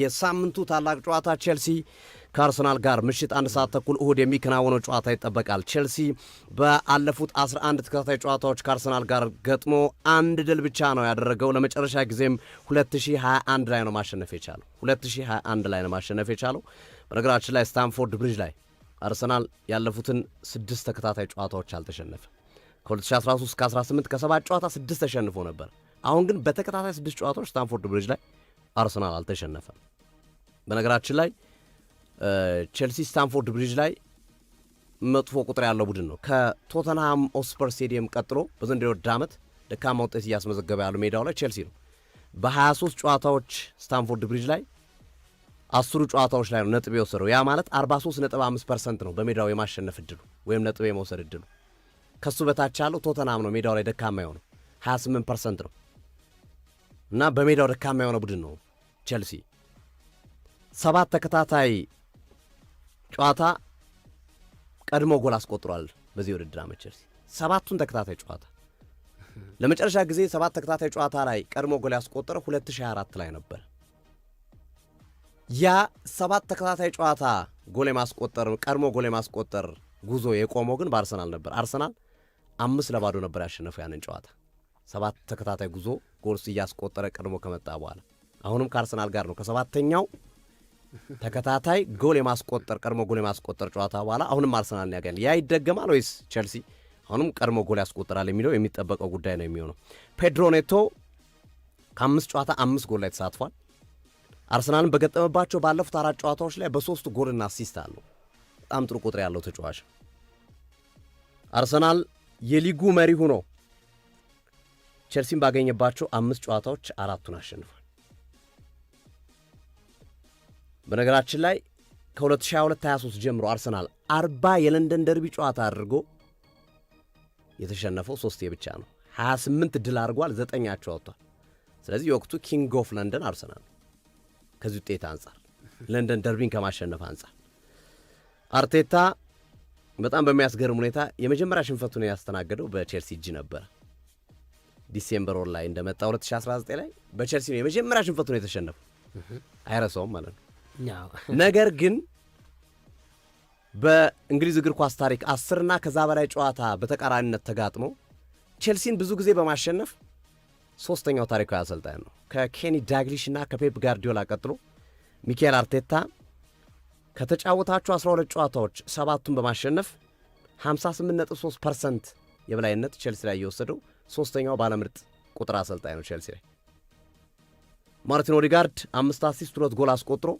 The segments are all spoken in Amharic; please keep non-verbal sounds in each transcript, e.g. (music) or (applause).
የሳምንቱ ታላቅ ጨዋታ ቼልሲ ከአርሰናል ጋር ምሽት አንድ ሰዓት ተኩል እሁድ የሚከናወነው ጨዋታ ይጠበቃል። ቼልሲ በአለፉት 11 ተከታታይ ጨዋታዎች ከአርሰናል ጋር ገጥሞ አንድ ድል ብቻ ነው ያደረገው። ለመጨረሻ ጊዜም 2021 ላይ ነው ማሸነፍ የቻለው 2021 ላይ ነው ማሸነፍ የቻለው። በነገራችን ላይ ስታንፎርድ ብሪጅ ላይ አርሰናል ያለፉትን ስድስት ተከታታይ ጨዋታዎች አልተሸነፈ ከ 2013 እስከ ከ18 ከሰባት ጨዋታ ስድስት ተሸንፎ ነበር። አሁን ግን በተከታታይ ስድስት ጨዋታዎች ስታንፎርድ ብሪጅ ላይ አርሰናል አልተሸነፈም። በነገራችን ላይ ቼልሲ ስታንፎርድ ብሪጅ ላይ መጥፎ ቁጥር ያለው ቡድን ነው። ከቶተንሃም ኦስፐር ስቴዲየም ቀጥሎ በዘንድሮ ዓመት ደካማ ውጤት እያስመዘገበ ያሉ ሜዳው ላይ ቼልሲ ነው። በ23 ጨዋታዎች ስታንፎርድ ብሪጅ ላይ አስሩ ጨዋታዎች ላይ ነው ነጥብ የወሰደው። ያ ማለት 43.5 ፐርሰንት ነው በሜዳው የማሸነፍ እድሉ ወይም ነጥብ የመውሰድ እድሉ። ከሱ በታች ያለው ቶተንሃም ነው ሜዳው ላይ ደካማ የሆነው 28 ፐርሰንት ነው እና በሜዳው ደካማ የሆነ ቡድን ነው ቸልሲ ሰባት ተከታታይ ጨዋታ ቀድሞ ጎል አስቆጥሯል። በዚህ ውድድር አመት ቸልሲ ሰባቱን ተከታታይ ጨዋታ ለመጨረሻ ጊዜ ሰባት ተከታታይ ጨዋታ ላይ ቀድሞ ጎል ያስቆጠረ 2024 ላይ ነበር። ያ ሰባት ተከታታይ ጨዋታ ጎል የማስቆጠር ቀድሞ ጎል የማስቆጠር ጉዞ የቆመው ግን በአርሰናል ነበር። አርሰናል አምስት ለባዶ ነበር ያሸነፈው ያንን ጨዋታ ሰባት ተከታታይ ጉዞ ጎልስ እያስቆጠረ ቀድሞ ከመጣ በኋላ አሁንም ከአርሰናል ጋር ነው ከሰባተኛው ተከታታይ ጎል የማስቆጠር ቀድሞ ጎል የማስቆጠር ጨዋታ በኋላ አሁንም አርሰናል ያገኛል። ያ ይደገማል ወይስ ቸልሲ አሁንም ቀድሞ ጎል ያስቆጥራል የሚለው የሚጠበቀው ጉዳይ ነው የሚሆነው። ፔድሮ ኔቶ ከአምስት ጨዋታ አምስት ጎል ላይ ተሳትፏል። አርሰናልን በገጠመባቸው ባለፉት አራት ጨዋታዎች ላይ በሶስቱ ጎልና አሲስት አለው። በጣም ጥሩ ቁጥር ያለው ተጫዋች አርሰናል የሊጉ መሪ ሁኖ ቸልሲን ባገኘባቸው አምስት ጨዋታዎች አራቱን አሸንፏል። በነገራችን ላይ ከ2022/23 ጀምሮ አርሰናል አርባ የለንደን ደርቢ ጨዋታ አድርጎ የተሸነፈው ሶስት ብቻ ነው። 28 ድል አድርጓል፣ ዘጠኛቸው አውጥቷል። ስለዚህ የወቅቱ ኪንግ ኦፍ ለንደን አርሰናል ከዚህ ውጤት አንጻር ለንደን ደርቢን ከማሸነፍ አንጻር አርቴታ በጣም በሚያስገርም ሁኔታ የመጀመሪያ ሽንፈቱን ያስተናገደው በቼልሲ እጅ ነበረ። ዲሴምበር ወር ላይ እንደመጣ 2019 ላይ በቼልሲ ነው የመጀመሪያ ሽንፈቱን የተሸነፈው። አይረሳውም ማለት ነው። (laughs) ነገር ግን በእንግሊዝ እግር ኳስ ታሪክ አስርና ከዛ በላይ ጨዋታ በተቃራኒነት ተጋጥሞ ቼልሲን ብዙ ጊዜ በማሸነፍ ሶስተኛው ታሪካዊ አሰልጣኝ ነው። ከኬኒ ዳግሊሽ እና ከፔፕ ጋርዲዮላ ቀጥሎ ሚካኤል አርቴታ ከተጫወታቸው 12 ጨዋታዎች ሰባቱን በማሸነፍ 58.3 ፐርሰንት የበላይነት ቼልሲ ላይ እየወሰደው ሶስተኛው ባለምርጥ ቁጥር አሰልጣኝ ነው። ቼልሲ ላይ ማርቲን ኦዲጋርድ አምስት አሲስት ሁለት ጎል አስቆጥሮ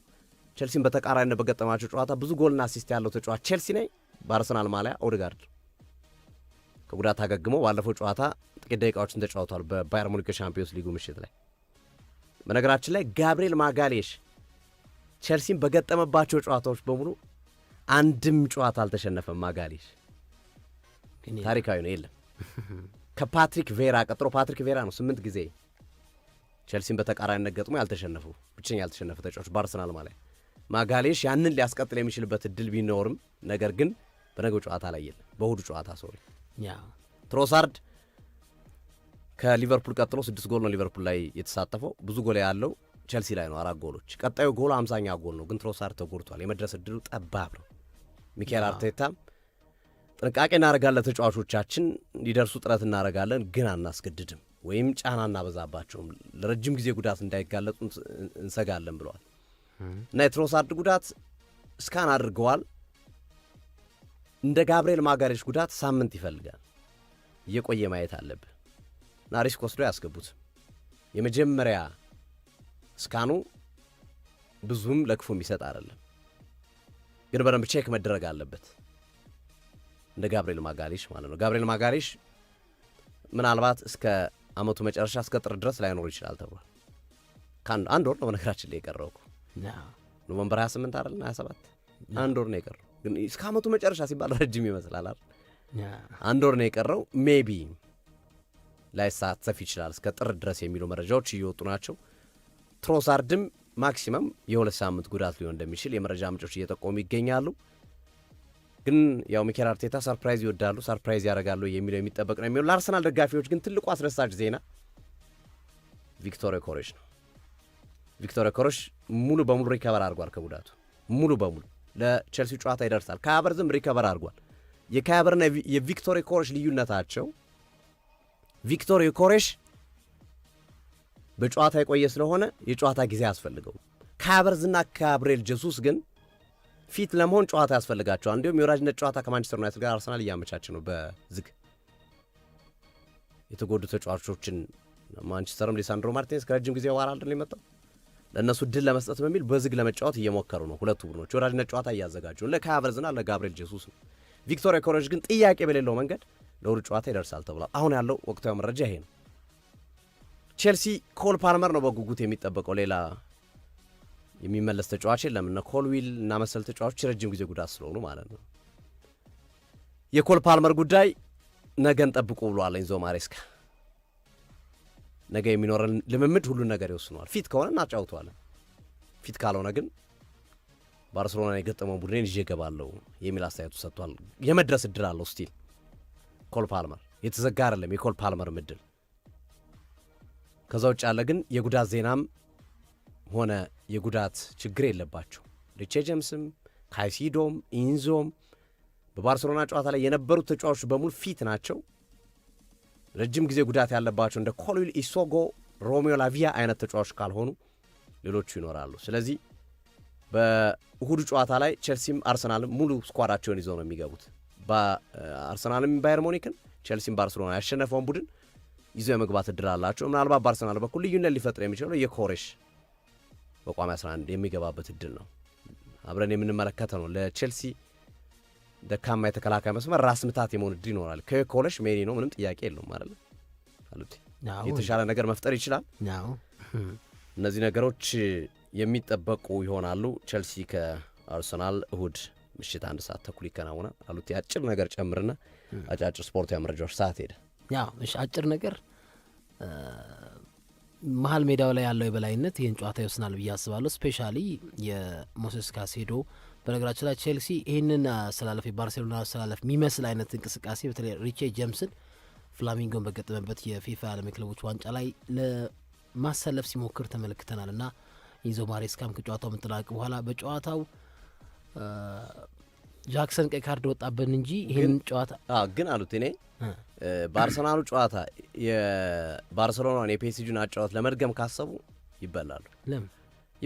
ቼልሲን በተቃራኒነት በገጠማቸው ጨዋታ ብዙ ጎልና አሲስት ያለው ተጫዋች ቼልሲ ነኝ። በአርሰናል ማሊያ ኦድጋርድ ከጉዳት አገግሞ ባለፈው ጨዋታ ጥቂት ደቂቃዎችን ተጫውቷል በባየር ሙኒክ ሻምፒዮንስ ሊጉ ምሽት ላይ። በነገራችን ላይ ጋብሪኤል ማጋሌሽ ቼልሲን በገጠመባቸው ጨዋታዎች በሙሉ አንድም ጨዋታ አልተሸነፈም። ማጋሌሽ ታሪካዊ ነው፣ የለም ከፓትሪክ ቬራ ቀጥሮ ፓትሪክ ቬራ ነው ስምንት ጊዜ ቼልሲን በተቃራኒነት ገጥሞ ያልተሸነፉ ብቸኛ ያልተሸነፈ ተጫዋች በአርሰናል ማሊያ ማጋሌሽ ያንን ሊያስቀጥል የሚችልበት እድል ቢኖርም ነገር ግን በነገ ጨዋታ ላይ የለም። በእሁዱ ጨዋታ ሶሪ ትሮሳርድ ከሊቨርፑል ቀጥሎ ስድስት ጎል ነው ሊቨርፑል ላይ የተሳተፈው። ብዙ ጎል ያለው ቸልሲ ላይ ነው፣ አራት ጎሎች። ቀጣዩ ጎሉ አምሳኛ ጎል ነው፣ ግን ትሮሳርድ ተጎድቷል። የመድረስ እድሉ ጠባብ ነው። ሚካኤል አርቴታም ጥንቃቄ እናደርጋለን፣ ተጫዋቾቻችን እንዲደርሱ ጥረት እናደርጋለን፣ ግን አናስገድድም ወይም ጫና እናበዛባቸውም፣ ለረጅም ጊዜ ጉዳት እንዳይጋለጡ እንሰጋለን ብለዋል። እና የትሮሳርድ ጉዳት እስካን አድርገዋል። እንደ ጋብርኤል ማጋሬሽ ጉዳት ሳምንት ይፈልጋል፣ እየቆየ ማየት አለብን እና ሪስክ ወስዶ ያስገቡት። የመጀመሪያ እስካኑ ብዙም ለክፉ የሚሰጥ አይደለም፣ ግን በደንብ ቼክ መደረግ አለበት። እንደ ጋብርኤል ማጋሌሽ ማለት ነው። ጋብርኤል ማጋሌሽ ምናልባት እስከ አመቱ መጨረሻ እስከ ጥር ድረስ ላይኖሩ ይችላል ተብሏል። አንድ ወር ነው በነገራችን ላይ የቀረው እኮ ኖቨምበር 28 አይደል 27 አንድ ወር ነው የቀረው። ግን እስከ አመቱ መጨረሻ ሲባል ረጅም ይመስላል አይደል? አንድ ወር ነው የቀረው። ሜቢ ላይ ላይሳተፍ ይችላል እስከ ጥር ድረስ የሚሉ መረጃዎች እየወጡ ናቸው። ትሮሳርድም ማክሲመም የሁለት ሳምንት ጉዳት ሊሆን እንደሚችል የመረጃ ምንጮች እየጠቆሙ ይገኛሉ። ግን ያው ሚኬል አርቴታ ሰርፕራይዝ ይወዳሉ፣ ሰርፕራይዝ ያደርጋሉ የሚለው የሚጠበቅ ነው የሚሆን። ለአርሰናል ደጋፊዎች ግን ትልቁ አስደሳች ዜና ቪክቶሪ ኮሬጅ ነው። ቪክቶር ኮሮሽ ሙሉ በሙሉ ሪከቨር አድርጓል ከጉዳቱ ሙሉ በሙሉ ለቸልሲ ጨዋታ ይደርሳል። ከሀበርዝም ሪከቨር አድርጓል። የካያበርና የቪክቶር ኮሮሽ ልዩነታቸው ቪክቶር ኮሮሽ በጨዋታ የቆየ ስለሆነ የጨዋታ ጊዜ አያስፈልገው። ከሀበርዝና ካብሬል ጀሱስ ግን ፊት ለመሆን ጨዋታ ያስፈልጋቸዋል። እንዲሁም የወዳጅነት ጨዋታ ከማንቸስተር ዩናይትድ ጋር አርሰናል እያመቻች ነው በዝግ የተጎዱ ተጫዋቾችን ማንቸስተርም ሊሳንድሮ ማርቲኔስ ከረጅም ጊዜ ዋራ አይደል የመጣው ለእነሱ ድል ለመስጠት በሚል በዝግ ለመጫወት እየሞከሩ ነው። ሁለቱ ቡድኖች ወዳጅነት ጨዋታ እያዘጋጁ ለካይ ሃቨርትዝና ለጋብሪኤል ጄሱስ ነው። ቪክቶሪያ ኮረጅ ግን ጥያቄ በሌለው መንገድ ለእሁድ ጨዋታ ይደርሳል ተብሏል። አሁን ያለው ወቅታዊ መረጃ ይሄ ነው። ቼልሲ ኮል ፓልመር ነው በጉጉት የሚጠበቀው። ሌላ የሚመለስ ተጫዋች የለም። እነ ዊል እና መሰል ተጫዋቾች የረጅም ጊዜ ጉዳት ስለሆኑ ማለት ነው። የኮል ፓልመር ጉዳይ ነገን ጠብቁ ብሏል ኢንዞ ማሬስካ። ነገ የሚኖረን ልምምድ ሁሉን ነገር ይወስነዋል። ፊት ከሆነ እናጫውተዋለን። ፊት ካልሆነ ግን ባርሴሎና የገጠመው ቡድኔን ይዤ እገባለሁ የሚል አስተያየቱ ሰጥቷል። የመድረስ እድል አለው ስቲል ኮል ፓልመር የተዘጋ አይደለም የኮል ፓልመር ምድል። ከዛ ውጭ ያለ ግን የጉዳት ዜናም ሆነ የጉዳት ችግር የለባቸው። ሪቼ ጀምስም ካይሲዶም ኢንዞም በባርሴሎና ጨዋታ ላይ የነበሩት ተጫዋቾች በሙሉ ፊት ናቸው። ረጅም ጊዜ ጉዳት ያለባቸው እንደ ኮሎል ኢሶጎ፣ ሮሜዮ ላቪያ አይነት ተጫዋች ካልሆኑ ሌሎቹ ይኖራሉ። ስለዚህ በእሁዱ ጨዋታ ላይ ቼልሲም አርሰናልም ሙሉ ስኳዳቸውን ይዘው ነው የሚገቡት። አርሰናልም ባየር ሞኒክን፣ ቼልሲም ባርሴሎና ያሸነፈውን ቡድን ይዞ የመግባት እድል አላቸው። ምናልባት በአርሰናል በኩል ልዩነት ሊፈጥር የሚችለው የኮሬሽ በቋሚ 11 የሚገባበት እድል ነው። አብረን የምንመለከተ ነው ለቼልሲ ደካማ የተከላካይ መስመር ራስ ምታት የመሆን እድል ይኖራል። ከኮለሽ ሜሪ ነው ምንም ጥያቄ የለውም አይደል? የተሻለ ነገር መፍጠር ይችላል። እነዚህ ነገሮች የሚጠበቁ ይሆናሉ። ቸልሲ ከአርሰናል እሁድ ምሽት አንድ ሰዓት ተኩል ይከናወናል። አሉት የአጭር ነገር ጨምርና አጫጭር ስፖርት መረጃዎች ሰዓት ሄደ። አጭር ነገር መሀል ሜዳው ላይ ያለው የበላይነት ይህን ጨዋታ ይወስናል ብዬ አስባለሁ። ስፔሻሊ የሞሴስ ካሴዶ በነገራችን ላይ ቼልሲ ይህንን አሰላለፍ የባርሴሎና አሰላለፍ የሚመስል አይነት እንቅስቃሴ በተለይ ሪቼ ጀምስን ፍላሚንጎን በገጠመበት የፊፋ ዓለም ክለቦች ዋንጫ ላይ ለማሰለፍ ሲሞክር ተመልክተናል እና ኢንዞ ማሬስካም ከጨዋታው መጠናቀቅ በኋላ በጨዋታው ጃክሰን ቀይ ካርድ ወጣብን እንጂ ይህን ጨዋታ ግን አሉት እኔ በአርሰናሉ ጨዋታ የባርሴሎናን የፔሲጁን አጫወት ለመድገም ካሰቡ ይበላሉ ለምን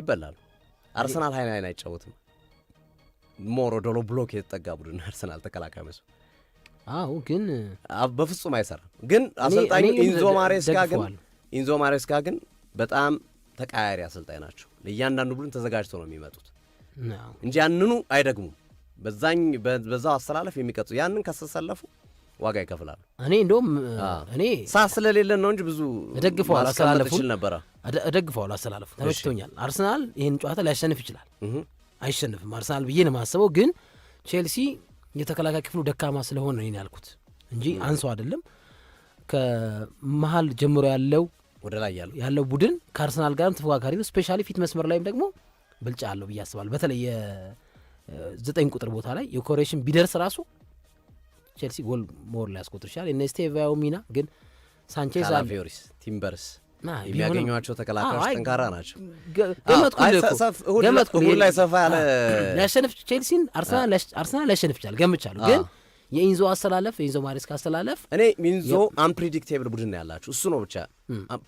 ይበላሉ። አርሰናል ሀይን ሀይን አይጫወትም። ሞሮ ዶሎ ብሎክ የተጠጋ ቡድን አርሰናል ተከላካይ መስ አዎ፣ ግን በፍጹም አይሰራም። ግን አሰልጣኙ ኢንዞ ማሬስካ ግን ኢንዞ ማሬስካ ግን በጣም ተቀያሪ አሰልጣኝ ናቸው። ለእያንዳንዱ ቡድን ተዘጋጅተው ነው የሚመጡት እንጂ ያንኑ አይደግሙም። በዛኝ በዛው አሰላለፍ የሚቀጡ ያንን ከተሰለፉ ዋጋ ይከፍላሉ። እኔ እንደውም እኔ ሳ ስለሌለን ነው እንጂ ብዙ እደግፈዋል አስተላለፉ እችል ነበረ እደግፈዋል አስተላለፉ ተመችቶኛል። አርሰናል ይህን ጨዋታ ሊያሸንፍ ይችላል። አይሸንፍም አርሰናል ብዬ ነው የማስበው። ግን ቼልሲ የተከላካይ ክፍሉ ደካማ ስለሆነ ነው ያልኩት እንጂ አንሰው አይደለም። ከመሀል ጀምሮ ያለው ወደ ላይ ያለው ቡድን ከአርሰናል ጋርም ተፎካካሪ ነው። ስፔሻሊ ፊት መስመር ላይም ደግሞ ብልጫ አለው ብዬ አስባለሁ። በተለይ የዘጠኝ ቁጥር ቦታ ላይ የኮሬሽን ቢደርስ ራሱ ቼልሲ ጎል ሞር ላይ ያስቆጥር ይችላል። ስቴቫዮ ሚና ግን ሳንቼዝ፣ ቲምበርስ የሚያገኟቸው ተከላካዮች ጠንካራ ናቸው። ገመትኩ ላይ ሰፋ ያለ ሊያሸንፍ ቼልሲን አርሰናል ሊያሸንፍ ይችላል ገምቻለሁ ግን የኢንዞ አስተላለፍ የኢንዞ ማሬስካ አስተላለፍ እኔ ሚንዞ አንፕሪዲክቴብል ቡድን ያላችሁ እሱ ነው ብቻ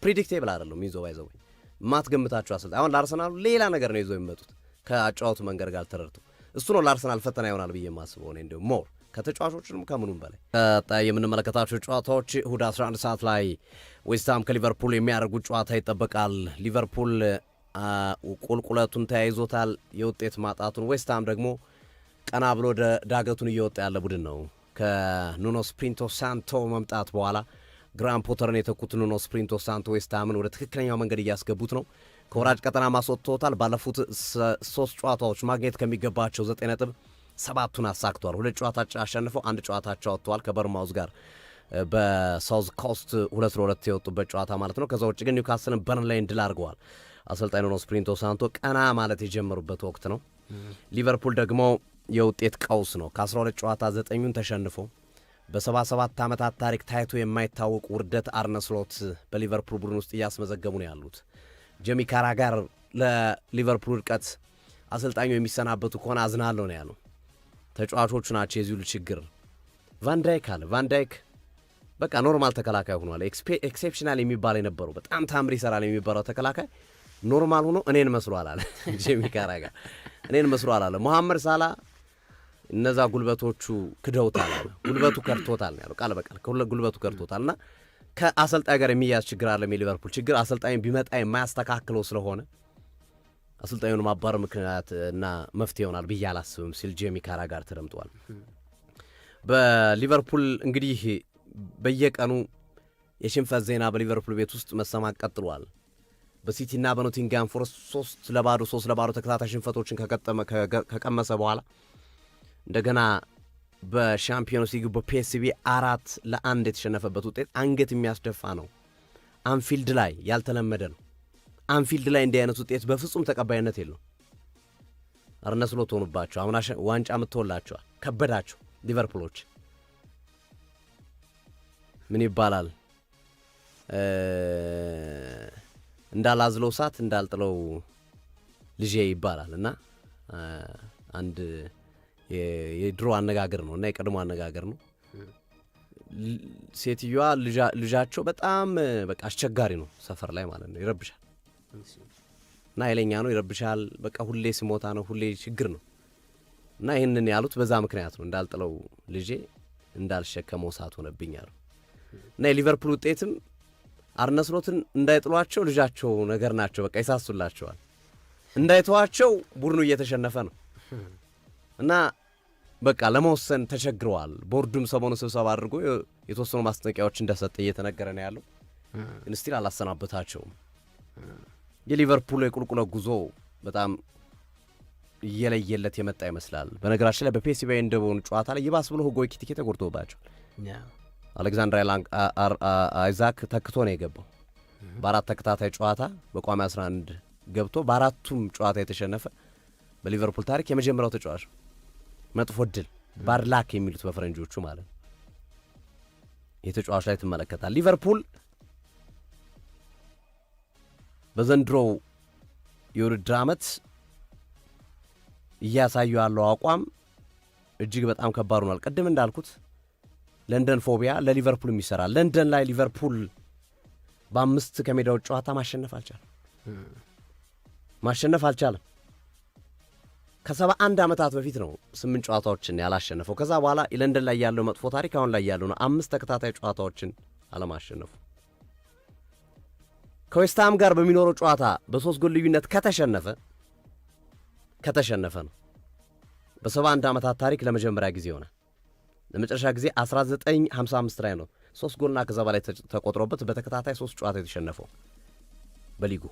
ፕሪዲክቴብል አይደለም ባይዘ ባይዘው ማትገምታችሁ አስል አሁን ለአርሰናሉ ሌላ ነገር ነው ይዞ የሚመጡት ከአጫዋቱ መንገድ ጋር ተረድቶ እሱ ነው ለአርሰናል ፈተና ይሆናል ብዬ የማስበው እኔ እንዲሁም ሞር ከተጫዋቾችንም ከምኑም በላይ ቀጣይ የምንመለከታቸው ጨዋታዎች እሁድ 11 ሰዓት ላይ ዌስትሃም ከሊቨርፑል የሚያደርጉት ጨዋታ ይጠበቃል። ሊቨርፑል ቁልቁለቱን ተያይዞታል፣ የውጤት ማጣቱን። ዌስትሃም ደግሞ ቀና ብሎ ዳገቱን እየወጣ ያለ ቡድን ነው። ከኑኖ ስፕሪንቶ ሳንቶ መምጣት በኋላ ግራን ፖተርን የተኩት ኑኖ ስፕሪንቶ ሳንቶ ዌስትሃምን ወደ ትክክለኛው መንገድ እያስገቡት ነው። ከወራጅ ቀጠና ማስወጥቶታል። ባለፉት ሶስት ጨዋታዎች ማግኘት ከሚገባቸው ዘጠኝ ነጥብ ሰባቱን አሳክቷል። ሁለት ጨዋታ አሸንፈው አንድ ጨዋታቸው ወጥተዋል ከበርማውዝ ጋር በሳውዝ ኮስት ሁለት ለሁለት የወጡበት ጨዋታ ማለት ነው። ከዛ ውጭ ግን ኒውካስልን በርንላይን እንድል አድርገዋል። አሰልጣኝ ኑኖ ስፕሪንቶ ሳንቶ ቀና ማለት የጀመሩበት ወቅት ነው። ሊቨርፑል ደግሞ የውጤት ቀውስ ነው። ከ12 ጨዋታ ዘጠኙን ተሸንፎ በ77 ዓመታት ታሪክ ታይቶ የማይታወቅ ውርደት አርነስሎት በሊቨርፑል ቡድን ውስጥ እያስመዘገቡ ነው ያሉት። ጀሚ ካራጋር ለሊቨርፑል ውድቀት አሰልጣኙ የሚሰናበቱ ከሆነ አዝናለሁ ነው ያሉ። ተጫዋቾቹ ናቸው የዚሁ ችግር። ቫንዳይክ አለ ቫንዳይክ በቃ ኖርማል ተከላካይ ሆኗል። ኤክሴፕሽናል የሚባል የነበረው በጣም ታምር ይሰራል የሚባለው ተከላካይ ኖርማል ሆኖ እኔን መስሎ አላለ። (laughs) ጄሚ ካራጋ እኔን መስሎ አላለ። መሐመድ ሳላ እነዛ ጉልበቶቹ ክደውታል አለ። ጉልበቱ ከርቶታል ነው ያለው ቃል በቃል ጉልበቱ ከርቶታል እና ከአሰልጣኝ ጋር የሚያዝ ችግር አለም። የሊቨርፑል ችግር አሰልጣኝ ቢመጣ የማያስተካክለው ስለሆነ አሰልጣኙን ማባረር ምክንያት እና መፍትሄ ይሆናል ብዬ አላስብም ሲል ጄሚ ካራ ጋር ተደምጧል። በሊቨርፑል እንግዲህ በየቀኑ የሽንፈት ዜና በሊቨርፑል ቤት ውስጥ መሰማት ቀጥሏል። በሲቲና በኖቲንጋም ፎረስት ሶስት ለባዶ ሶስት ለባዶ ተከታታይ ሽንፈቶችን ከቀመሰ በኋላ እንደገና በሻምፒዮንስ ሊግ በፒኤስቪ አራት ለአንድ የተሸነፈበት ውጤት አንገት የሚያስደፋ ነው። አንፊልድ ላይ ያልተለመደ ነው። አንፊልድ ላይ እንዲህ አይነት ውጤት በፍጹም ተቀባይነት የለው። አርነ ስሎት ሆኑባቸው። አምና ዋንጫ ምትሆላቸዋል። ከበዳቸው ሊቨርፑሎች ምን ይባላል እንዳላዝለው እሳት እንዳልጥለው ልጄ ይባላል እና አንድ የድሮ አነጋገር ነው እና የቀድሞ አነጋገር ነው። ሴትዮዋ ልጃቸው በጣም በቃ አስቸጋሪ ነው፣ ሰፈር ላይ ማለት ነው። ይረብሻል እና ኃይለኛ ነው፣ ይረብሻል። በቃ ሁሌ ሲሞታ ነው፣ ሁሌ ችግር ነው። እና ይህንን ያሉት በዛ ምክንያት ነው። እንዳልጥለው ልጄ እንዳልሸከመው እሳት ሆነብኝ አሉ። እና የሊቨርፑል ውጤትም አርነስሎትን እንዳይጥሏቸው ልጃቸው ነገር ናቸው። በቃ ይሳሱላቸዋል። እንዳይተዋቸው ቡድኑ እየተሸነፈ ነው እና በቃ ለመወሰን ተቸግረዋል። ቦርዱም ሰሞኑ ስብሰባ አድርጎ የተወሰኑ ማስጠንቀቂያዎች እንደሰጠ እየተነገረ ነው ያለው። ግን ስቲል አላሰናበታቸውም። የሊቨርፑል የቁልቁለ ጉዞ በጣም እየለየለት የመጣ ይመስላል። በነገራችን ላይ በፔሲቪ እንደሆኑ ጨዋታ ላይ ይባስ ብሎ ህጎ ኪቲኬ ተጎድቶባቸዋል። አሌክዛንድር አይዛክ ተክቶ ነው የገባው። በአራት ተከታታይ ጨዋታ በቋሚ 11 ገብቶ በአራቱም ጨዋታ የተሸነፈ በሊቨርፑል ታሪክ የመጀመሪያው ተጫዋች መጥፎ እድል ባድላክ የሚሉት በፈረንጆቹ ማለት ነው። የተጫዋች ላይ ትመለከታል። ሊቨርፑል በዘንድሮው የውድድር ዓመት እያሳዩ ያለው አቋም እጅግ በጣም ከባድ ሆኗል። ቅድም እንዳልኩት ለንደን ፎቢያ ለሊቨርፑል የሚሰራ ለንደን ላይ ሊቨርፑል በአምስት ከሜዳዎች ጨዋታ ማሸነፍ አልቻለም ማሸነፍ አልቻለም። ከሰባ አንድ ዓመታት በፊት ነው ስምንት ጨዋታዎችን ያላሸነፈው። ከዛ በኋላ ለንደን ላይ ያለው መጥፎ ታሪክ አሁን ላይ ያለው ነው። አምስት ተከታታይ ጨዋታዎችን አለማሸነፉ ከዌስትሃም ጋር በሚኖረው ጨዋታ በሶስት ጎል ልዩነት ከተሸነፈ ከተሸነፈ ነው በሰባ አንድ ዓመታት ታሪክ ለመጀመሪያ ጊዜ ይሆናል። ለመጨረሻ ጊዜ 1955 ላይ ነው ሶስት ጎልና ከዛ በላይ ተቆጥሮበት በተከታታይ ሶስት ጨዋታ የተሸነፈው በሊጉ።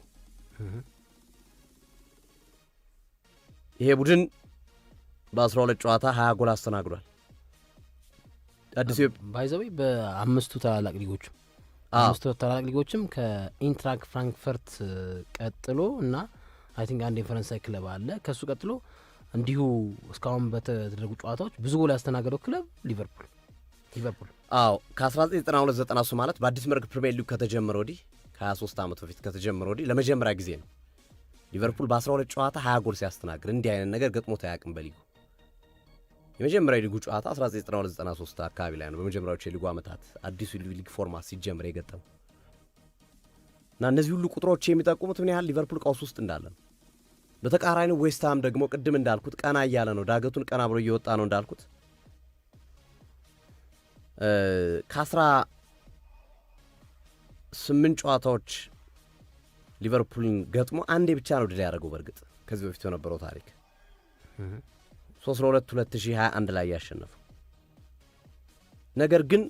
ይሄ ቡድን በ12 ጨዋታ 20 ጎል አስተናግዷል። አዲስ ባይዘዊ በአምስቱ ታላላቅ ሊጎች አምስቱ ታላላቅ ሊጎችም ከኢንትራክ ፍራንክፈርት ቀጥሎ እና አይ ቲንክ አንድ የፈረንሳይ ክለብ አለ ከእሱ ቀጥሎ እንዲሁ እስካሁን በተደረጉ ጨዋታዎች ብዙ ጎል ያስተናገደው ክለብ ሊቨርፑል ሊቨርፑል አዎ ከ1992/93 ማለት በአዲስ መልክ ፕሪሚየር ሊግ ከተጀመረ ወዲህ ከ23 ዓመት በፊት ከተጀመረ ወዲህ ለመጀመሪያ ጊዜ ነው ሊቨርፑል በ12 ጨዋታ 20 ጎል ሲያስተናግድ እንዲህ አይነት ነገር ገጥሞት አያውቅም። በሊጉ የመጀመሪያ ሊጉ ጨዋታ 1993 አካባቢ ላይ ነው። በመጀመሪያዎቹ የሊጉ ዓመታት አዲሱ ሊግ ፎርማት ሲጀምር የገጠመው እና እነዚህ ሁሉ ቁጥሮች የሚጠቁሙት ምን ያህል ሊቨርፑል ቀውስ ውስጥ እንዳለ ነው። በተቃራኒ ዌስትሃም ደግሞ ቅድም እንዳልኩት ቀና እያለ ነው፣ ዳገቱን ቀና ብሎ እየወጣ ነው እንዳልኩት ከአስራ ስምንት ጨዋታዎች ሊቨርፑልን ገጥሞ አንዴ ብቻ ነው ድል ያደረገው። በእርግጥ ከዚህ በፊት የነበረው ታሪክ ሶስት ለሁለት ሁለት ሀያ አንድ ላይ ያሸነፈው ነገር ግን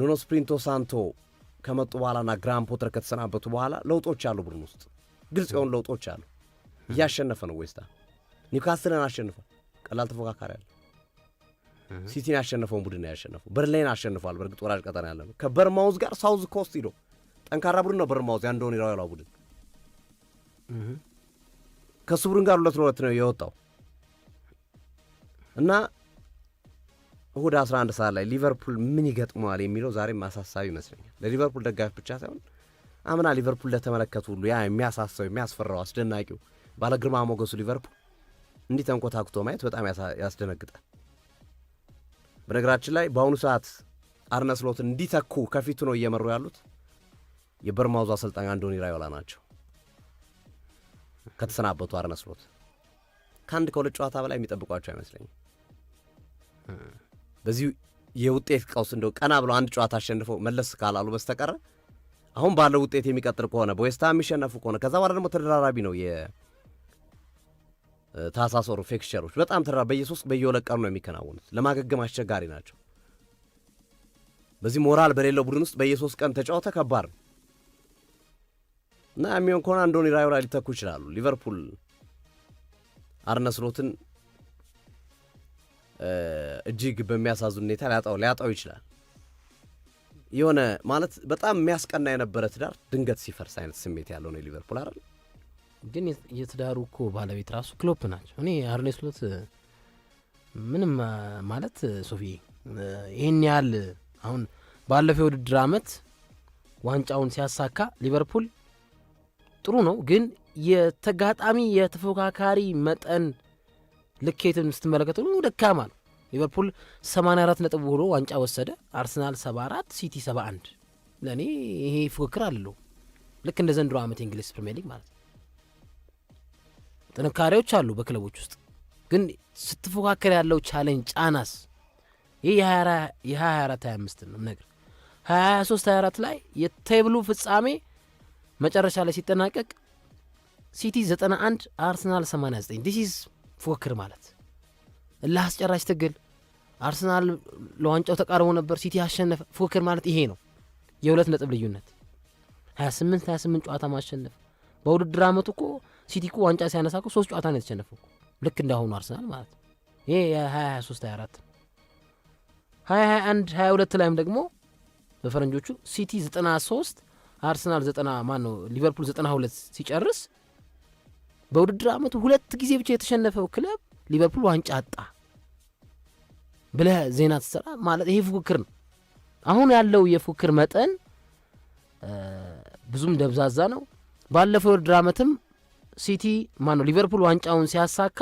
ኑኖ ስፕሪንቶ ሳንቶ ከመጡ በኋላና ግራም ፖተር ከተሰናበቱ በኋላ ለውጦች አሉ ቡድን ውስጥ ግልጽ የሆኑ ለውጦች አሉ። እያሸነፈ ነው ዌስታ ኒውካስልን አሸንፏል። ቀላል ተፎካካሪ አለ። ሲቲን ያሸነፈውን ቡድን ያሸነፈው በርሊን አሸንፏል። በእርግጥ ወራጅ ቀጠና ያለ ነው። ከበርማውዝ ጋር ሳውዝ ኮስት ሂዶ ጠንካራ ቡድን ነው በርማውዝ ያንደሆን የራላ ቡድን ከእሱ ቡድን ጋር ሁለት ለሁለት ነው የወጣው እና እሁድ 11 ሰዓት ላይ ሊቨርፑል ምን ይገጥመዋል የሚለው ዛሬም አሳሳቢ ይመስለኛል ለሊቨርፑል ደጋፊ ብቻ ሳይሆን አምና ሊቨርፑል ለተመለከቱ ሁሉ ያ የሚያሳሰው የሚያስፈራው አስደናቂው ባለ ግርማ ሞገሱ ሊቨርፑል እንዲህ ተንኮታኩቶ ማየት በጣም ያስደነግጣል። በነገራችን ላይ በአሁኑ ሰዓት አርነ ስሎት እንዲተኩ ከፊቱ ነው እየመሩ ያሉት የበርማውዙ አሰልጣኝ አንዶኒ ራዮላ ናቸው። ከተሰናበቱ አርነ ስሎት ከአንድ ከሁለት ጨዋታ በላይ የሚጠብቋቸው አይመስለኝም። በዚሁ የውጤት ቀውስ እንደው ቀና ብለው አንድ ጨዋታ አሸንፈው መለስ ካላሉ በስተቀረ አሁን ባለው ውጤት የሚቀጥል ከሆነ በዌስትሃም የሚሸነፉ ከሆነ ከዛ በኋላ ደግሞ ተደራራቢ ነው የታሳሰሩ ወሩ በጣም ተደራራቢ፣ በየሶስት በየሁለት ቀኑ ነው የሚከናወኑት። ለማገገም አስቸጋሪ ናቸው። በዚህ ሞራል በሌለው ቡድን ውስጥ በየሶስት ቀን ተጫወተ ከባድ ነው እና የሚሆን ከሆነ አንዶኒ ኢራዮላ ሊተኩ ይችላሉ። ሊቨርፑል አርነ ስሎትን እጅግ በሚያሳዝን ሁኔታ ሊያጣው ይችላል። የሆነ ማለት በጣም የሚያስቀና የነበረ ትዳር ድንገት ሲፈርስ አይነት ስሜት ያለው ነው ሊቨርፑል አይደል። ግን የትዳሩ እኮ ባለቤት ራሱ ክሎፕ ናቸው። እኔ አርኔ ስሎት ምንም ማለት ሶፊ ይህን ያህል አሁን ባለፈው የውድድር አመት ዋንጫውን ሲያሳካ ሊቨርፑል ጥሩ ነው፣ ግን የተጋጣሚ የተፎካካሪ መጠን ልኬትን ስትመለከቱ ደካማ ነው። ሊቨርፑል 84 ነጥብ ሆኖ ዋንጫ ወሰደ። አርሰናል 74 ሲቲ 71። ለእኔ ይሄ ፉክክር አለው። ልክ እንደ ዘንድሮ ዓመት የእንግሊዝ ፕሪሚየር ሊግ ማለት ነው። ጥንካሬዎች አሉ በክለቦች ውስጥ ግን ስትፎካከር ያለው ቻለንጅ ጫናስ ይህ የ24 25 ነው ነገር 23 24 ላይ የቴብሉ ፍጻሜ መጨረሻ ላይ ሲጠናቀቅ ሲቲ 91 አርሰናል 89 ዲስ ኢዝ ፉክክር ማለት እልህ አስጨራሽ ትግል አርሰናል ለዋንጫው ተቃርቦ ነበር። ሲቲ አሸነፈ። ፉክክር ማለት ይሄ ነው። የሁለት ነጥብ ልዩነት 28 28 ጨዋታ ማሸነፍ። በውድድር አመቱ እኮ ሲቲ እኮ ዋንጫ ሲያነሳ እኮ ሶስት ጨዋታ ነው የተሸነፈው። ልክ እንዳሁኑ አርሰናል ማለት ነው። ይሄ የ2023 24 2021 22 ላይም ደግሞ በፈረንጆቹ ሲቲ 93 አርሰናል 90 ማን ነው ሊቨርፑል 92 ሲጨርስ በውድድር አመቱ ሁለት ጊዜ ብቻ የተሸነፈው ክለብ ሊቨርፑል ዋንጫ አጣ ብለህ ዜና ትሰራ ማለት ይሄ ፉክክር ነው። አሁን ያለው የፉክክር መጠን ብዙም ደብዛዛ ነው። ባለፈው የውድድር ዓመትም ሲቲ ነው ሊቨርፑል ዋንጫውን ሲያሳካ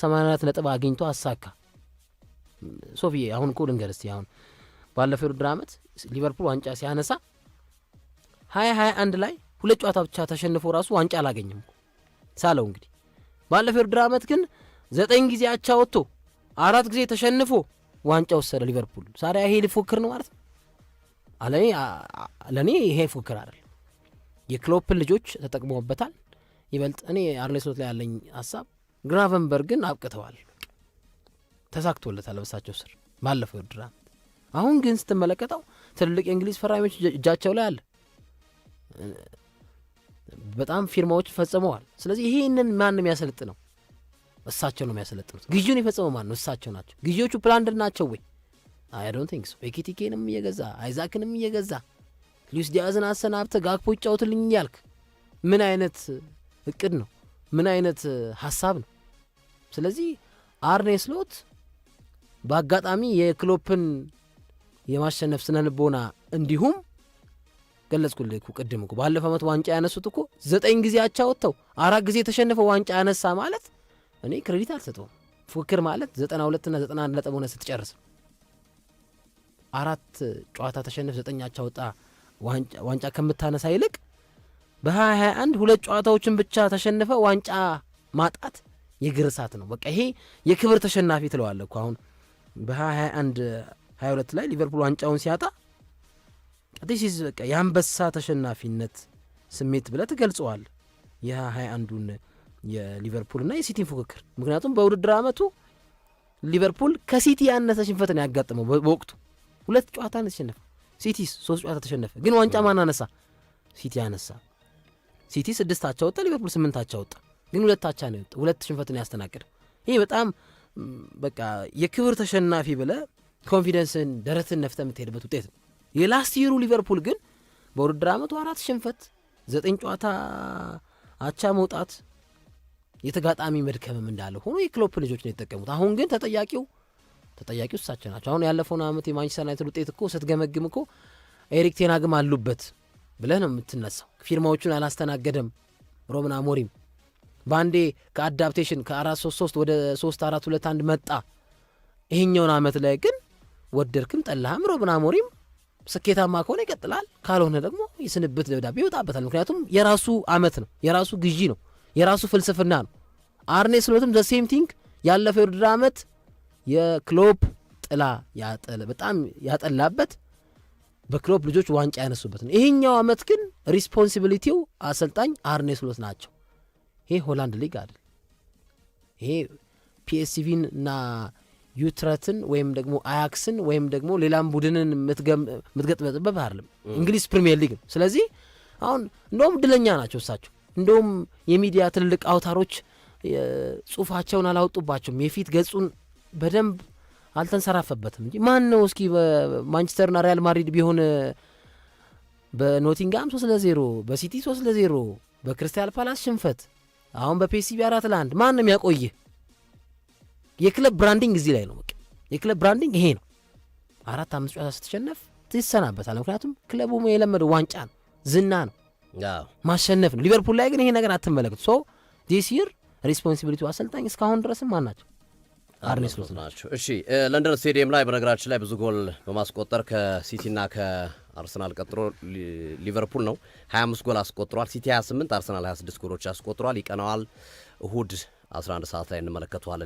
84 ነጥብ አግኝቶ አሳካ። ሶፊዬ አሁን እኮ ልንገር እስቲ አሁን ባለፈው የውድድር ዓመት ሊቨርፑል ዋንጫ ሲያነሳ 2021 ላይ ሁለት ጨዋታ ብቻ ተሸንፎ ራሱ ዋንጫ አላገኘም ሳለው እንግዲህ ባለፈው የውድድር ዓመት ግን ዘጠኝ ጊዜ አቻ ወጥቶ አራት ጊዜ ተሸንፎ ዋንጫ ወሰደ ሊቨርፑል። ሳሪያ ይሄ ፉክክር ነው ማለት ነው። ለእኔ ይሄ ፎክር አይደል። የክሎፕን ልጆች ተጠቅመውበታል ይበልጥ እኔ አርኔ ስሎት ላይ ያለኝ ሀሳብ ግራቨንበርግን አብቅተዋል፣ ተሳክቶለታል በሳቸው ስር ባለፈው ውድድር ዓመት። አሁን ግን ስትመለከተው ትልልቅ የእንግሊዝ ፈራሚዎች እጃቸው ላይ አለ፣ በጣም ፊርማዎች ፈጽመዋል። ስለዚህ ይሄንን ማንም ያሰልጥ ነው እሳቸው ነው የሚያሰለጥኑት። ግዢውን የፈጸመው ማን ነው? እሳቸው ናቸው። ግዢዎቹ ፕላንድር ናቸው ወይ? አይ ዶንት ቲንክ ሶ። ኤኪቲኬንም እየገዛ አይዛክንም እየገዛ ሉዊስ ዲያዝን አሰናብተ ጋክፖ ይጫወትልኝ እያልክ ምን አይነት እቅድ ነው? ምን አይነት ሀሳብ ነው? ስለዚህ አርኔ ስሎት በአጋጣሚ የክሎፕን የማሸነፍ ስነልቦና እንዲሁም ገለጽኩልህ እኮ ቅድም እኮ ባለፈው ዓመት ዋንጫ ያነሱት እኮ ዘጠኝ ጊዜ አቻ ወጥተው አራት ጊዜ የተሸነፈ ዋንጫ ያነሳ ማለት እኔ ክሬዲት አልሰጠውም። ፉክክር ማለት 92 እና 91 ነጥብ ሆነ ስትጨርስ አራት ጨዋታ ተሸንፍ ዘጠኝ አቻ ወጣ ዋንጫ ከምታነሳ ይልቅ በ2021 ሁለት ጨዋታዎችን ብቻ ተሸንፈ ዋንጫ ማጣት የእግር እሳት ነው። በቃ ይሄ የክብር ተሸናፊ ትለዋለ እኮ አሁን በ2021 22 ላይ ሊቨርፑል ዋንጫውን ሲያጣ ዲስ በቃ የአንበሳ ተሸናፊነት ስሜት ብለ ትገልጸዋል የ21ዱን የሊቨርፑልና የሲቲን ፉክክር። ምክንያቱም በውድድር ዓመቱ ሊቨርፑል ከሲቲ ያነሰ ሽንፈት ነው ያጋጥመው። በወቅቱ ሁለት ጨዋታ ተሸነፈ፣ የተሸነፈ፣ ሲቲስ ሶስት ጨዋታ ተሸነፈ። ግን ዋንጫ ማን አነሳ? ሲቲ አነሳ። ሲቲ ስድስት አቻ ወጣ፣ ሊቨርፑል ስምንት አቻ ወጣ። ግን ሁለት አቻ ነው የወጣ፣ ሁለት ነው ያስተናገደ። ይህ በጣም በቃ የክብር ተሸናፊ ብለ ኮንፊደንስን ደረትን ነፍተ የምትሄድበት ውጤት ነው። የላስት ይሩ ሊቨርፑል ግን በውድድር ዓመቱ አራት ሽንፈት፣ ዘጠኝ ጨዋታ አቻ መውጣት የተጋጣሚ መድከምም እንዳለ ሆኖ የክሎፕ ልጆች ነው የተጠቀሙት። አሁን ግን ተጠያቂው ተጠያቂው እሳቸው ናቸው። አሁን ያለፈውን ዓመት የማንቸስተር ዩናይትድ ውጤት እኮ ስትገመግም እኮ ኤሪክ ቴናግም አሉበት ብለህ ነው የምትነሳው። ፊርማዎቹን አላስተናገደም ሮምን አሞሪም። በአንዴ ከአዳፕቴሽን ከአራት ሶስት ወደ 3 አራት ሁለት አንድ መጣ። ይሄኛውን ዓመት ላይ ግን ወደድክም ጠላህም ሮብን አሞሪም ስኬታማ ከሆነ ይቀጥላል፣ ካልሆነ ደግሞ የስንብት ደብዳቤ ይወጣበታል። ምክንያቱም የራሱ ዓመት ነው የራሱ ግዢ ነው። የራሱ ፍልስፍና ነው። አርኔ ስሎትም ዘሴም ሴም ቲንግ ያለፈው የውድድር ዓመት የክሎፕ ጥላ በጣም ያጠላበት በክሎፕ ልጆች ዋንጫ ያነሱበት ነው። ይሄኛው ዓመት ግን ሪስፖንሲቢሊቲው አሰልጣኝ አርኔ ስሎት ናቸው። ይሄ ሆላንድ ሊግ አይደል። ይሄ ፒኤስቪን እና ዩትረትን ወይም ደግሞ አያክስን ወይም ደግሞ ሌላም ቡድንን የምትገጥበጥበት አይደለም። እንግሊዝ ፕሪሚየር ሊግ ነው። ስለዚህ አሁን እንደውም እድለኛ ናቸው እሳቸው እንደውም የሚዲያ ትልልቅ አውታሮች ጽሁፋቸውን አላወጡባቸውም። የፊት ገጹን በደንብ አልተንሰራፈበትም እንጂ ማን ነው እስኪ በማንቸስተርና ሪያል ማድሪድ ቢሆን በኖቲንጋም ሶስት ለዜሮ በሲቲ ሶስት ለዜሮ በክሪስታል ፓላስ ሽንፈት አሁን በፒኤስቪ አራት ለአንድ ማን ነው የሚያቆይህ? የክለብ ብራንዲንግ እዚህ ላይ ነው። በቃ የክለብ ብራንዲንግ ይሄ ነው። አራት አምስት ጨዋታ ስትሸነፍ ትሰናበታል። ምክንያቱም ክለቡ የለመደው ዋንጫ ነው፣ ዝና ነው። ማሸነፍ ነው። ሊቨርፑል ላይ ግን ይሄ ነገር አትመለክቱ። ሶ ዲስ ይር ሬስፖንሲቢሊቲ አሰልጣኝ እስካሁን ድረስም ማን ናቸው? አርኔ ስሎት ናቸው። እሺ ለንደን ስቴዲየም ላይ በነገራችን ላይ ብዙ ጎል በማስቆጠር ከሲቲና ከአርሰናል ቀጥሮ ሊቨርፑል ነው 25 ጎል አስቆጥሯል። ሲቲ 28 አርሰናል 26 ጎሎች አስቆጥሯል። ይቀናዋል። እሁድ 11 ሰዓት ላይ እንመለከተዋለን።